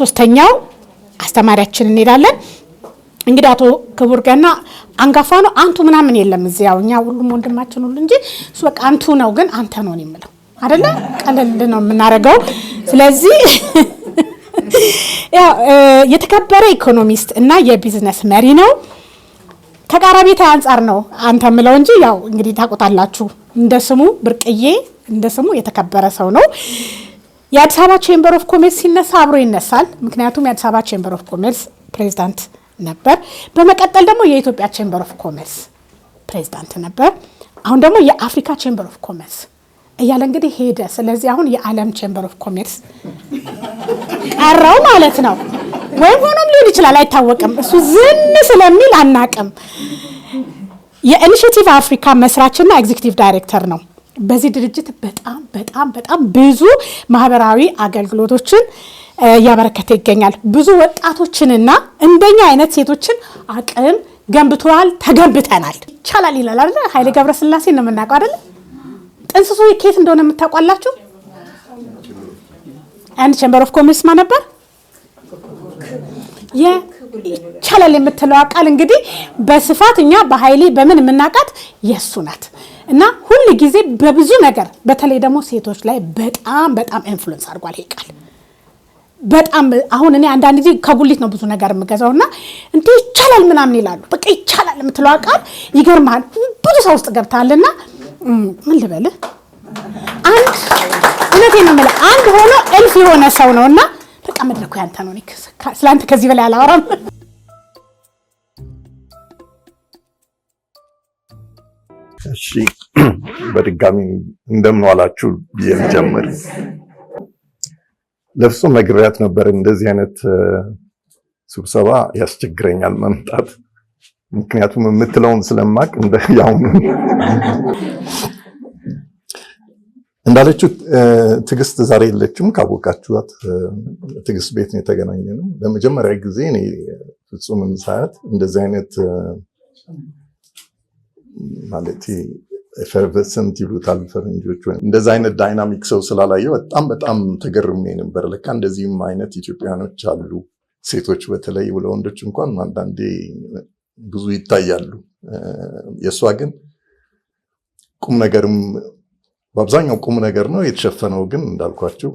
ሶስተኛው አስተማሪያችን እንሄዳለን። እንግዲህ አቶ ክቡር ገና አንጋፋ ነው። አንቱ ምናምን የለም እዚህ ያው እኛ ሁሉም ወንድማችን ሁሉ እንጂ እሱ በቃ አንቱ ነው። ግን አንተ ነው የምለው አደለ? ቀለል ነው የምናደርገው። ስለዚህ ያው የተከበረ ኢኮኖሚስት እና የቢዝነስ መሪ ነው። ተቃራቢ አንጻር ነው አንተ ምለው እንጂ ያው እንግዲህ ታውቁታላችሁ። እንደ ስሙ ብርቅዬ፣ እንደ ስሙ የተከበረ ሰው ነው። የአዲስ አበባ ቼምበር ኦፍ ኮሜርስ ሲነሳ አብሮ ይነሳል። ምክንያቱም የአዲስ አበባ ቼምበር ኦፍ ኮሜርስ ፕሬዚዳንት ነበር። በመቀጠል ደግሞ የኢትዮጵያ ቼምበር ኦፍ ኮሜርስ ፕሬዚዳንት ነበር። አሁን ደግሞ የአፍሪካ ቼምበር ኦፍ ኮሜርስ እያለ እንግዲህ ሄደ። ስለዚህ አሁን የዓለም ቼምበር ኦፍ ኮሜርስ ቀረው ማለት ነው። ወይም ሆኖም ሊሆን ይችላል አይታወቅም። እሱ ዝም ስለሚል አናቅም። የኢኒሽቲቭ አፍሪካ መስራችና ኤግዚክቲቭ ዳይሬክተር ነው። በዚህ ድርጅት በጣም በጣም በጣም ብዙ ማህበራዊ አገልግሎቶችን እያበረከተ ይገኛል። ብዙ ወጣቶችንና እንደኛ አይነት ሴቶችን አቅም ገንብተዋል፣ ተገንብተናል። ይቻላል ይላል አለ ኃይሌ ገብረስላሴ ነው የምናውቀው አደለ? ጥንስሱ ኬት እንደሆነ የምታውቋላችሁ? አንድ ቸምበር ኦፍ ኮሜርስ ማ ነበር ይቻላል የምትለው ቃል እንግዲህ በስፋት እኛ በኃይሌ በምን የምናውቃት የእሱ ናት። እና ሁል ጊዜ በብዙ ነገር በተለይ ደግሞ ሴቶች ላይ በጣም በጣም ኢንፍሉዌንስ አድርጓል ይሄ ቃል። በጣም አሁን እኔ አንዳንድ ጊዜ ከጉሊት ነው ብዙ ነገር የምገዛው እና እንዴ ይቻላል ምናምን ይላሉ። በቃ ይቻላል የምትለው ቃል ይገርማል። ብዙ ሰው ውስጥ ገብታልና ምን ልበልህ፣ አንድ እውነቴን ነው የምልህ አንድ ሆኖ እልፍ የሆነ ሰው ነው እና በቃ መድረኩ ያንተ ነው። ስላንተ ከዚህ በላይ አላወራም። እሺ በድጋሚ እንደምን ዋላችሁ ብዬ ልጀምር። ለፍጹም ነግሬያት ነበር እንደዚህ አይነት ስብሰባ ያስቸግረኛል መምጣት፣ ምክንያቱም የምትለውን ስለማቅ እንደ ያውኑ እንዳለችው ትዕግስት ዛሬ የለችም። ካወቃችኋት ትዕግስት ቤት ነው የተገናኘ ነው። ለመጀመሪያ ጊዜ እኔ ፍጹም ሳያት እንደዚህ አይነት ማለት ኤፈርቨሰንት ይሉታል ፈረንጆች። እንደዚ አይነት ዳይናሚክ ሰው ስላላየ በጣም በጣም ተገርሜ ነበር። ለካ እንደዚህም አይነት ኢትዮጵያኖች አሉ። ሴቶች በተለይ ለወንዶች እንኳን አንዳንዴ ብዙ ይታያሉ። የእሷ ግን ቁም ነገርም በአብዛኛው ቁም ነገር ነው የተሸፈነው። ግን እንዳልኳቸው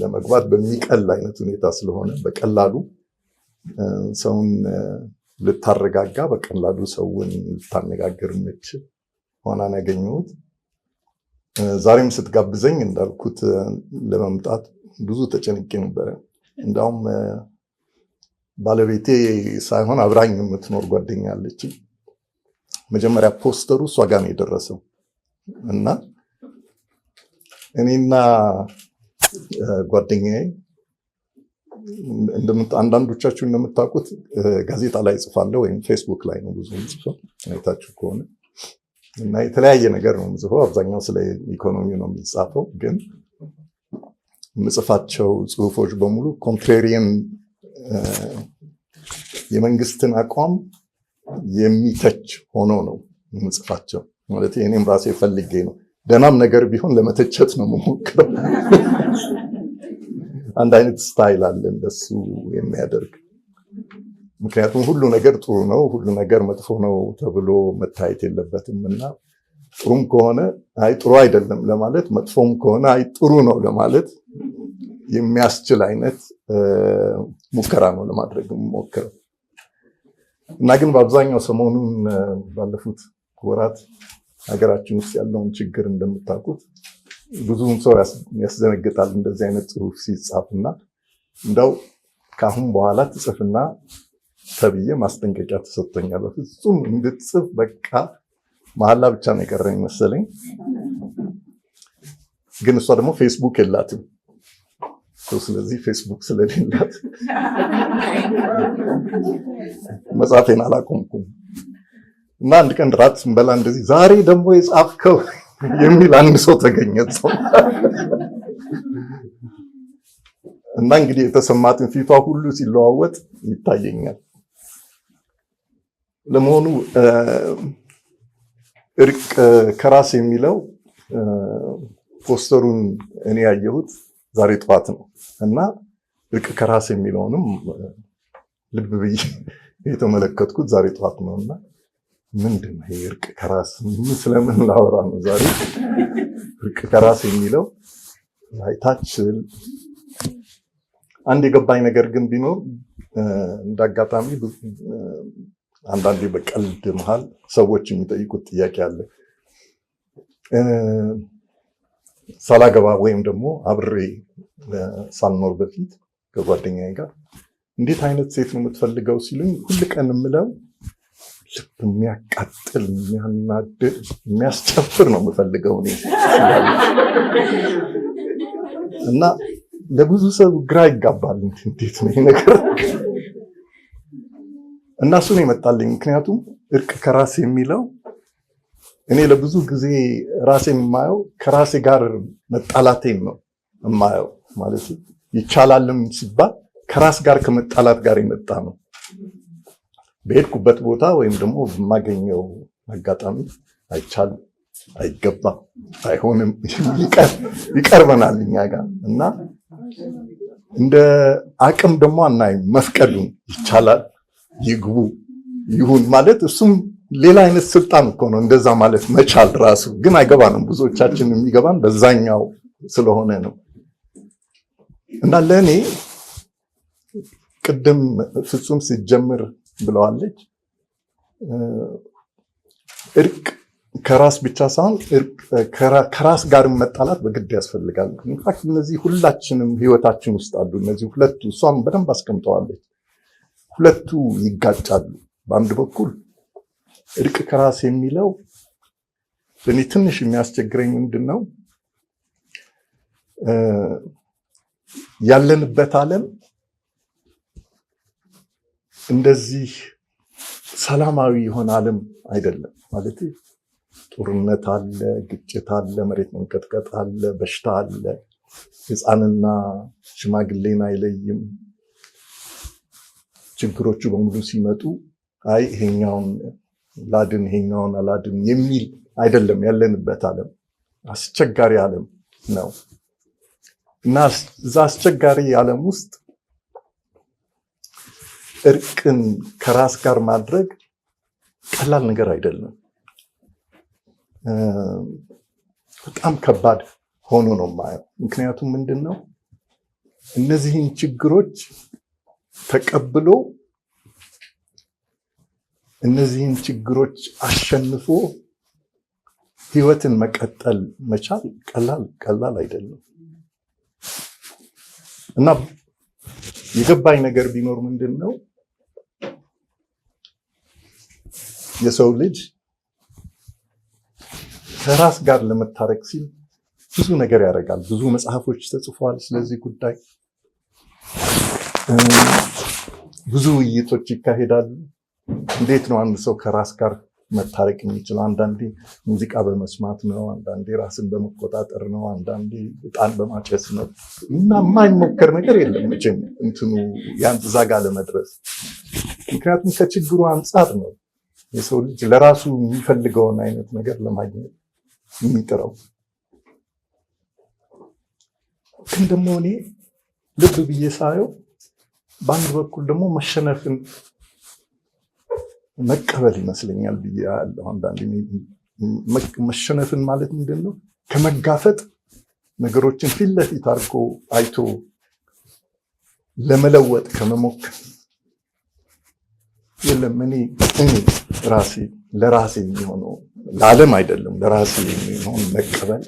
ለመግባት በሚቀል አይነት ሁኔታ ስለሆነ በቀላሉ ሰውን ልታረጋጋ በቀላሉ ሰውን ልታነጋግር የምችል ሆናን ያገኘሁት። ዛሬም ስትጋብዘኝ እንዳልኩት ለመምጣት ብዙ ተጨንቄ ነበረ። እንዳውም ባለቤቴ ሳይሆን አብራኝ የምትኖር ጓደኛ አለች። መጀመሪያ ፖስተሩ እሷ ጋር ነው የደረሰው እና እኔና ጓደኛዬ አንዳንዶቻችሁ እንደምታውቁት ጋዜጣ ላይ ጽፋለሁ ወይም ፌስቡክ ላይ ነው ብዙ ጽፈው አይታችሁ ከሆነ እና የተለያየ ነገር ነው የምጽፈው። አብዛኛው ስለ ኢኮኖሚ ነው የሚጻፈው። ግን ምጽፋቸው ጽሁፎች በሙሉ ኮንትሬሪየን የመንግስትን አቋም የሚተች ሆኖ ነው ምጽፋቸው። ማለት እኔም ራሴ ፈልጌ ነው። ደህናም ነገር ቢሆን ለመተቸት ነው የምሞክረው አንድ አይነት ስታይል አለ እንደሱ የሚያደርግ ምክንያቱም ሁሉ ነገር ጥሩ ነው፣ ሁሉ ነገር መጥፎ ነው ተብሎ መታየት የለበትም እና ጥሩም ከሆነ አይ ጥሩ አይደለም ለማለት መጥፎም ከሆነ አይ ጥሩ ነው ለማለት የሚያስችል አይነት ሙከራ ነው ለማድረግ ሞክረው እና ግን በአብዛኛው ሰሞኑን ባለፉት ወራት ሀገራችን ውስጥ ያለውን ችግር እንደምታውቁት ብዙም ሰው ያስደነግጣል እንደዚህ አይነት ጽሁፍ ሲጻፍና እንደው ከአሁን በኋላ ትጽፍና ተብዬ ማስጠንቀቂያ ተሰጥቶኛል። በፍጹም እንድትጽፍ በቃ መሀላ ብቻ ነው የቀረኝ መሰለኝ። ግን እሷ ደግሞ ፌስቡክ የላትም። ስለዚህ ፌስቡክ ስለሌላት መጽሐፌን አላቆምኩም እና አንድ ቀን ራት ስንበላ እንደዚህ ዛሬ ደግሞ የጻፍከው የሚል አንድ ሰው ተገኘ እና እንግዲህ የተሰማትን ፊቷ ሁሉ ሲለዋወጥ ይታየኛል። ለመሆኑ እርቅ ከራስ የሚለው ፖስተሩን እኔ ያየሁት ዛሬ ጠዋት ነው እና እርቅ ከራስ የሚለውንም ልብ ብዬ የተመለከትኩት ዛሬ ጠዋት ነው እና ምንድን ነው ይሄ እርቅ ከራስ ስለምን ላወራ ነው ዛሬ? እርቅ ከራስ የሚለው ታች አንድ የገባኝ ነገር ግን ቢኖር እንዳጋጣሚ አንዳንዴ በቀልድ መሃል ሰዎች የሚጠይቁት ጥያቄ አለ። ሳላገባ ወይም ደግሞ አብሬ ሳልኖር በፊት ከጓደኛ ጋር እንዴት አይነት ሴት ነው የምትፈልገው ሲሉኝ ሁል ቀን የምለው ልብ የሚያቃጥል የሚያናድድ የሚያስጨፍር ነው የምፈልገው እና ለብዙ ሰው ግራ ይጋባል። እንዴት ነው ነገር እና እሱ ነው የመጣልኝ። ምክንያቱም እርቅ ከራሴ የሚለው እኔ ለብዙ ጊዜ ራሴ የማየው ከራሴ ጋር መጣላቴን ነው የማየው። ማለት ይቻላልም ሲባል ከራስ ጋር ከመጣላት ጋር የመጣ ነው። በሄድኩበት ቦታ ወይም ደግሞ በማገኘው አጋጣሚ አይቻልም፣ አይገባም፣ አይሆንም፣ ይቀርበናል እኛ ጋር እና እንደ አቅም ደግሞ አናይ መፍቀዱን ይቻላል፣ ይግቡ፣ ይሁን ማለት እሱም ሌላ አይነት ስልጣን እኮ ነው። እንደዛ ማለት መቻል ራሱ ግን አይገባንም። ብዙዎቻችን የሚገባን በዛኛው ስለሆነ ነው እና ለእኔ ቅድም ፍጹም ሲጀምር ብለዋለች። እርቅ ከራስ ብቻ ሳይሆን ከራስ ጋር መጣላት በግድ ያስፈልጋል። ኢንፋክት እነዚህ ሁላችንም ህይወታችን ውስጥ አሉ። እነዚህ ሁለቱ እሷም በደንብ አስቀምጠዋለች። ሁለቱ ይጋጫሉ። በአንድ በኩል እርቅ ከራስ የሚለው እኔ ትንሽ የሚያስቸግረኝ ምንድን ነው ያለንበት ዓለም እንደዚህ ሰላማዊ የሆነ ዓለም አይደለም ማለት ጦርነት አለ፣ ግጭት አለ፣ መሬት መንቀጥቀጥ አለ፣ በሽታ አለ፣ ሕፃንና ሽማግሌን አይለይም። ችግሮቹ በሙሉ ሲመጡ አይ ይሄኛውን ላድን ይሄኛውን አላድን የሚል አይደለም ያለንበት ዓለም አስቸጋሪ ዓለም ነው እና እዛ አስቸጋሪ ዓለም ውስጥ እርቅን ከራስ ጋር ማድረግ ቀላል ነገር አይደለም። በጣም ከባድ ሆኖ ነው የማየው። ምክንያቱም ምንድን ነው እነዚህን ችግሮች ተቀብሎ እነዚህን ችግሮች አሸንፎ ህይወትን መቀጠል መቻል ቀላል ቀላል አይደለም እና የገባኝ ነገር ቢኖር ምንድን ነው የሰው ልጅ ከራስ ጋር ለመታረቅ ሲል ብዙ ነገር ያደርጋል። ብዙ መጽሐፎች ተጽፈዋል ስለዚህ ጉዳይ፣ ብዙ ውይይቶች ይካሄዳሉ። እንዴት ነው አንድ ሰው ከራስ ጋር መታረቅ የሚችለው? አንዳንዴ ሙዚቃ በመስማት ነው፣ አንዳንዴ ራስን በመቆጣጠር ነው፣ አንዳንዴ እጣን በማጨስ ነው እና የማይሞከር ነገር የለም መቼም እንትኑ ያን እዛ ጋር ለመድረስ ምክንያቱም ከችግሩ አንጻር ነው የሰው ልጅ ለራሱ የሚፈልገውን አይነት ነገር ለማግኘት የሚጥረው ግን ደግሞ እኔ ልብ ብዬ ሳየው በአንድ በኩል ደግሞ መሸነፍን መቀበል ይመስለኛል ብዬ አንዳንድ መሸነፍን ማለት ምንድን ነው? ከመጋፈጥ ነገሮችን ፊት ለፊት አድርጎ አይቶ ለመለወጥ ከመሞከር የለም እኔ እኔ ራሴ ለራሴ የሚሆነው ለዓለም አይደለም ለራሴ የሚሆን መቀበል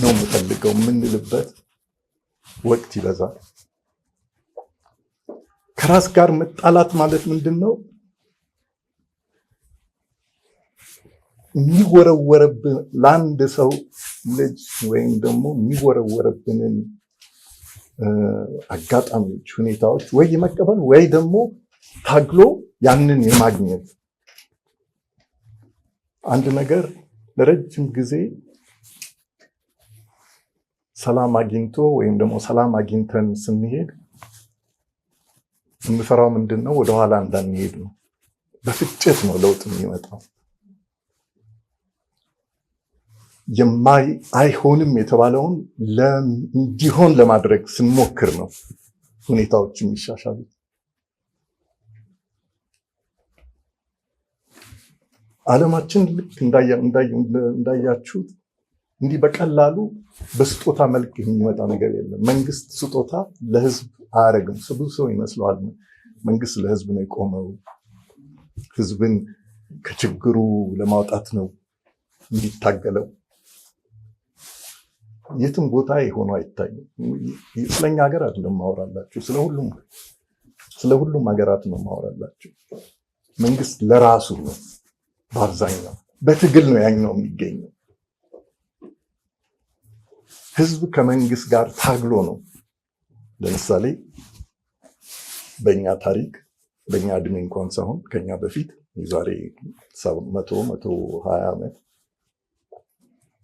ነው የምፈልገው የምንልበት ወቅት ይበዛል። ከራስ ጋር መጣላት ማለት ምንድን ነው? የሚወረወረብን ለአንድ ሰው ልጅ ወይም ደግሞ የሚወረወረብንን አጋጣሚዎች፣ ሁኔታዎች ወይ መቀበል ወይ ደግሞ ታግሎ ያንን የማግኘት አንድ ነገር ለረጅም ጊዜ ሰላም አግኝቶ ወይም ደግሞ ሰላም አግኝተን ስንሄድ የምፈራው ምንድን ነው? ወደኋላ እንዳንሄድ ነው። በፍጨት ነው ለውጥ የሚመጣው። የማይ አይሆንም የተባለውን እንዲሆን ለማድረግ ስንሞክር ነው ሁኔታዎች የሚሻሻሉት። ዓለማችን ልክ እንዳያችሁት እንዲህ በቀላሉ በስጦታ መልክ የሚመጣ ነገር የለም። መንግስት ስጦታ ለህዝብ አያደርግም። ብዙ ሰው ይመስለዋል መንግስት ለህዝብ ነው የቆመው፣ ህዝብን ከችግሩ ለማውጣት ነው እንዲታገለው። የትም ቦታ የሆኑ አይታይም። ስለኛ ሀገር አይደለም ማወራላችሁ፣ ስለሁሉም ስለሁሉም ሀገራት ነው ማወራላችሁ። መንግስት ለራሱ ነው በአብዛኛው በትግል ነው ያኛው የሚገኘው። ህዝብ ከመንግስት ጋር ታግሎ ነው። ለምሳሌ በእኛ ታሪክ በእኛ እድሜ እንኳን ሳይሆን ከኛ በፊት የዛሬ መቶ መቶ ሀያ ዓመት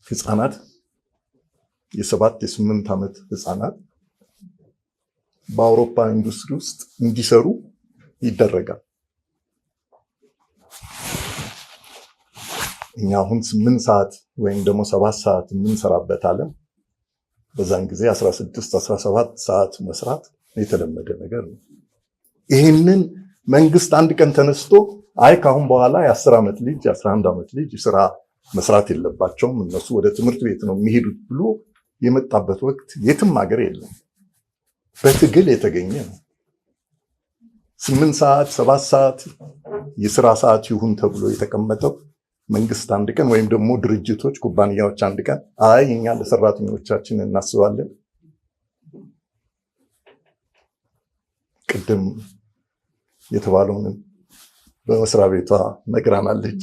ህፃናት የሰባት የስምንት ዓመት ህፃናት በአውሮፓ ኢንዱስትሪ ውስጥ እንዲሰሩ ይደረጋል። እኛ አሁን ስምንት ሰዓት ወይም ደግሞ ሰባት ሰዓት የምንሰራበት ዓለም በዛን ጊዜ 16 17 ሰዓት መስራት የተለመደ ነገር ነው። ይህንን መንግስት አንድ ቀን ተነስቶ አይ ከአሁን በኋላ የ10 ዓመት ልጅ የ11 ዓመት ልጅ ስራ መስራት የለባቸውም እነሱ ወደ ትምህርት ቤት ነው የሚሄዱት ብሎ የመጣበት ወቅት የትም ሀገር የለም። በትግል የተገኘ ነው። ስምንት ሰዓት ሰባት ሰዓት የስራ ሰዓት ይሁን ተብሎ የተቀመጠው መንግስት አንድ ቀን ወይም ደግሞ ድርጅቶች፣ ኩባንያዎች አንድ ቀን አይ እኛ ለሰራተኞቻችን እናስባለን ቅድም የተባለውን በመስሪያ ቤቷ ነግራናለች።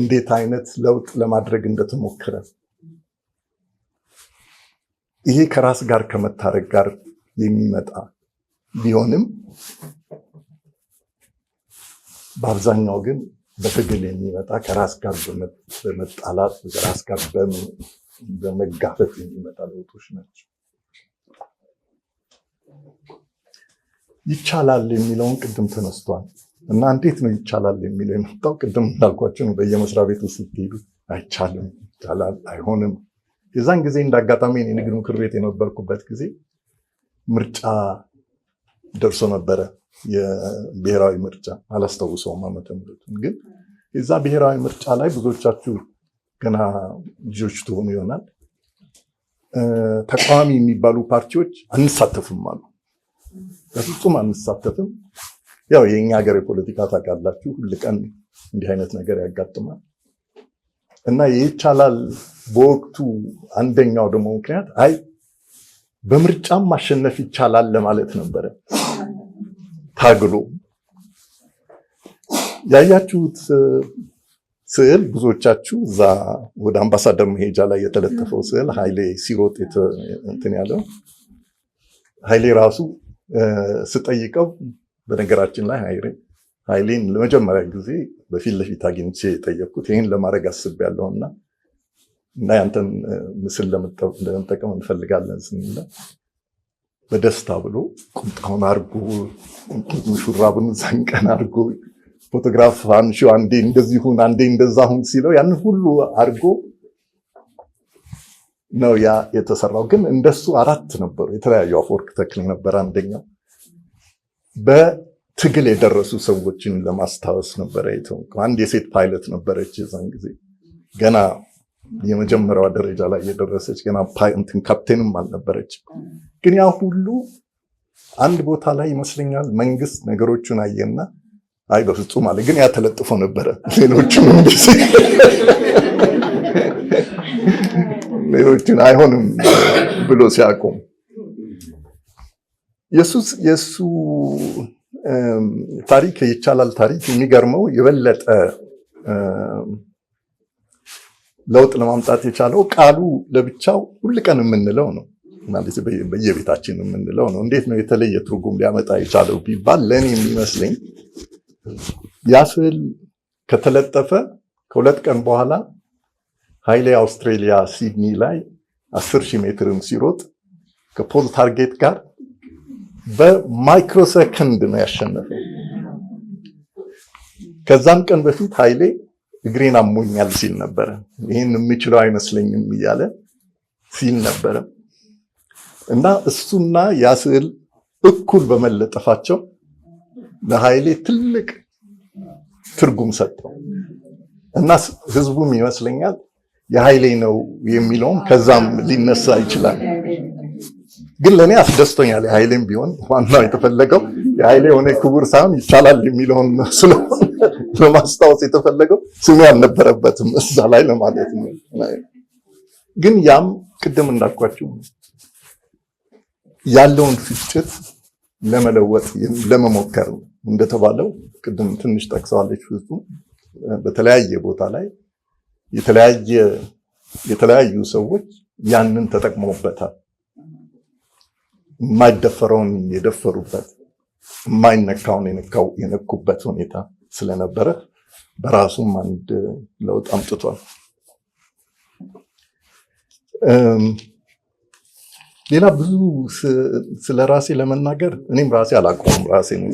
እንዴት አይነት ለውጥ ለማድረግ እንደተሞከረ ይሄ ከራስ ጋር ከመታረቅ ጋር የሚመጣ ቢሆንም በአብዛኛው ግን በትግል የሚመጣ ከራስ ጋር በመጣላት ከራስ ጋር በመጋፈጥ የሚመጣ ለውጦች ናቸው። ይቻላል የሚለውን ቅድም ተነስቷል እና እንዴት ነው ይቻላል የሚለው የመጣው? ቅድም እንዳልኳቸው ነው። በየመስሪያ ቤቱ ስትሄዱ አይቻልም፣ ይቻላል፣ አይሆንም። የዛን ጊዜ እንደ አጋጣሚ የንግድ ምክር ቤት የነበርኩበት ጊዜ ምርጫ ደርሶ ነበረ። የብሔራዊ ምርጫ አላስታውሰውም ዓመተ ምሕረቱን ግን የዛ ብሔራዊ ምርጫ ላይ ብዙዎቻችሁ ገና ልጆች ትሆኑ ይሆናል። ተቃዋሚ የሚባሉ ፓርቲዎች አንሳተፍም አሉ። በፍጹም አንሳተፍም። ያው የእኛ ሀገር የፖለቲካ ታውቃላችሁ፣ ሁል ቀን እንዲህ አይነት ነገር ያጋጥማል እና ይቻላል በወቅቱ አንደኛው ደግሞ ምክንያት አይ በምርጫም ማሸነፍ ይቻላል ለማለት ነበረ። ታግሉ ያያችሁት ስዕል ብዙዎቻችሁ እዛ ወደ አምባሳደር መሄጃ ላይ የተለጠፈው ስዕል ኃይሌ ሲሮጥ እንትን ያለው ኃይሌ ራሱ ስጠይቀው፣ በነገራችን ላይ ኃይሌን ለመጀመሪያ ጊዜ በፊት ለፊት አግኝቼ የጠየቅኩት ይህን ለማድረግ አስቤያለሁ እና እና ያንተን ምስል ለመጠቀም እንፈልጋለን ስንለ በደስታ ብሎ ቁምጣውን አድርጎ ሹራቡን ዘንቀን አርጎ ፎቶግራፍ አንሺ አንዴ እንደዚህ ሁን አንዴ እንደዛ ሁን ሲለው ያንን ሁሉ አድርጎ ነው ያ የተሰራው። ግን እንደሱ አራት ነበሩ የተለያዩ። አፈወርቅ ተክሌ ነበር አንደኛው። በትግል የደረሱ ሰዎችን ለማስታወስ ነበረ አንድ የሴት ፓይለት ነበረች የዛን ጊዜ ገና የመጀመሪያዋ ደረጃ ላይ የደረሰች ገና እንትን ካፕቴንም አልነበረች። ግን ያ ሁሉ አንድ ቦታ ላይ ይመስለኛል መንግስት ነገሮቹን አየና አይ በፍጹም አለ። ግን ያ ተለጥፎ ነበረ። ሌሎቹን ሌሎቹን አይሆንም ብሎ ሲያቆም የሱስ የሱ ታሪክ ይቻላል ታሪክ የሚገርመው የበለጠ ለውጥ ለማምጣት የቻለው ቃሉ ለብቻው ሁልቀን የምንለው ነው ማለት በየቤታችን የምንለው ነው። እንዴት ነው የተለየ ትርጉም ሊያመጣ የቻለው ቢባል ለእኔ የሚመስለኝ ያ ስዕል ከተለጠፈ ከሁለት ቀን በኋላ ኃይሌ አውስትሬሊያ ሲድኒ ላይ አስር ሺህ ሜትርን ሲሮጥ ከፖል ታርጌት ጋር በማይክሮሰከንድ ነው ያሸነፈው። ከዛም ቀን በፊት ኃይሌ እግሬን አሞኛል ሲል ነበረ። ይህን የምችለው አይመስለኝም እያለ ሲል ነበረ እና እሱና ያ ስዕል እኩል በመለጠፋቸው ለኃይሌ ትልቅ ትርጉም ሰጠው እና ህዝቡም ይመስለኛል የኃይሌ ነው የሚለውም ከዛም ሊነሳ ይችላል። ግን ለእኔ አስደስቶኛል። የኃይሌም ቢሆን ዋናው የተፈለገው የሀይሌ የሆነ ክቡር ሳይሆን ይቻላል የሚለውን ስለሆነ ለማስታወስ የተፈለገው ስሜ አልነበረበትም እዛ ላይ ለማለት ነው። ግን ያም ቅድም እንዳልኳቸው ያለውን ፍጭት ለመለወጥ ለመሞከር እንደተባለው ቅድም ትንሽ ጠቅሰዋለች ፍጹም በተለያየ ቦታ ላይ የተለያዩ ሰዎች ያንን ተጠቅመውበታል። የማይደፈረውን የደፈሩበት የማይነካውን የነኩበት ሁኔታ ስለነበረ በራሱም አንድ ለውጥ አምጥቷል። ሌላ ብዙ ስለ ራሴ ለመናገር እኔም ራሴ አላውቀውም። ራሴ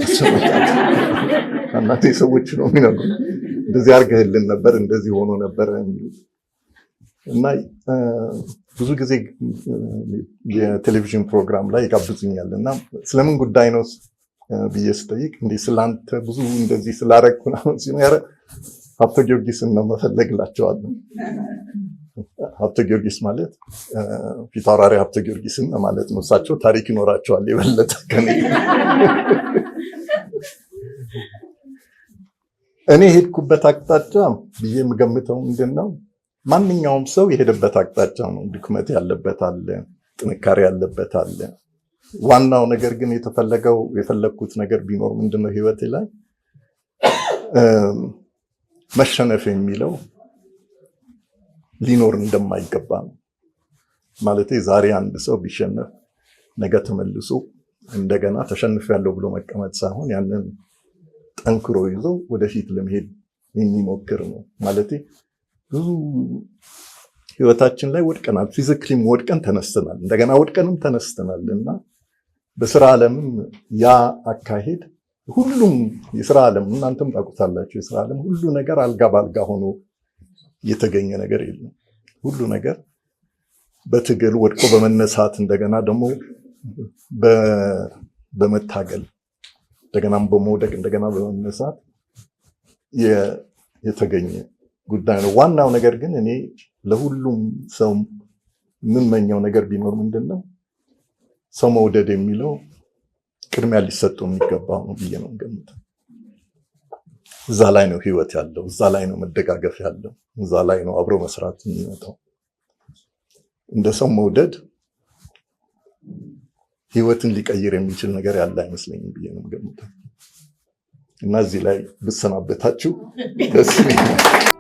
ሰዎች ነው የሚነግሩት እንደዚህ አድርገህልን ነበር እንደዚህ ሆኖ ነበረ እና ብዙ ጊዜ የቴሌቪዥን ፕሮግራም ላይ ይጋብዙኛል እና ስለምን ጉዳይ ነው ብዬ ስጠይቅ እንዲህ ስለአንተ ብዙ እንደዚህ ስላረግኩ ምናምን ሲሉ ያረ ሀብተ ጊዮርጊስን ነው መፈለግ እላቸዋለሁ። ሀብተ ጊዮርጊስ ማለት ፊት ፊታውራሪ ሀብተ ጊዮርጊስን ማለት ነው። እሳቸው ታሪክ ይኖራቸዋል የበለጠ ከኔ። እኔ ሄድኩበት አቅጣጫ ብዬ የምገምተው ምንድን ነው ማንኛውም ሰው የሄደበት አቅጣጫ ነው። ድክመት ያለበት አለ፣ ጥንካሬ ያለበት አለ። ዋናው ነገር ግን የተፈለገው የፈለግኩት ነገር ቢኖር ምንድነው ህይወት ላይ መሸነፍ የሚለው ሊኖር እንደማይገባ ነው። ማለት ዛሬ አንድ ሰው ቢሸነፍ ነገ ተመልሶ እንደገና ተሸንፍ ያለው ብሎ መቀመጥ ሳይሆን ያንን ጠንክሮ ይዞ ወደፊት ለመሄድ የሚሞክር ነው ማለት ብዙ ህይወታችን ላይ ወድቀናል። ፊዚክሊም ወድቀን ተነስተናል፣ እንደገና ወድቀንም ተነስተናል እና በስራ ዓለምም ያ አካሄድ ሁሉም የስራ ዓለም እናንተም ታውቁታላችሁ። የስራ ዓለም ሁሉ ነገር አልጋ ባልጋ ሆኖ የተገኘ ነገር የለም። ሁሉ ነገር በትግል ወድቆ በመነሳት እንደገና ደግሞ በመታገል እንደገናም በመውደቅ እንደገና በመነሳት የተገኘ ጉዳይ ነው። ዋናው ነገር ግን እኔ ለሁሉም ሰው የምመኘው ነገር ቢኖር ምንድን ነው ሰው መውደድ የሚለው ቅድሚያ ሊሰጠው የሚገባው ነው ብዬ ነው ገምተው። እዛ ላይ ነው ህይወት ያለው፣ እዛ ላይ ነው መደጋገፍ ያለው፣ እዛ ላይ ነው አብሮ መስራት የሚመጣው። እንደ ሰው መውደድ ህይወትን ሊቀይር የሚችል ነገር ያለ አይመስለኝም ብዬ ነው ገምተው እና እዚህ ላይ ብሰናበታችሁ ደስ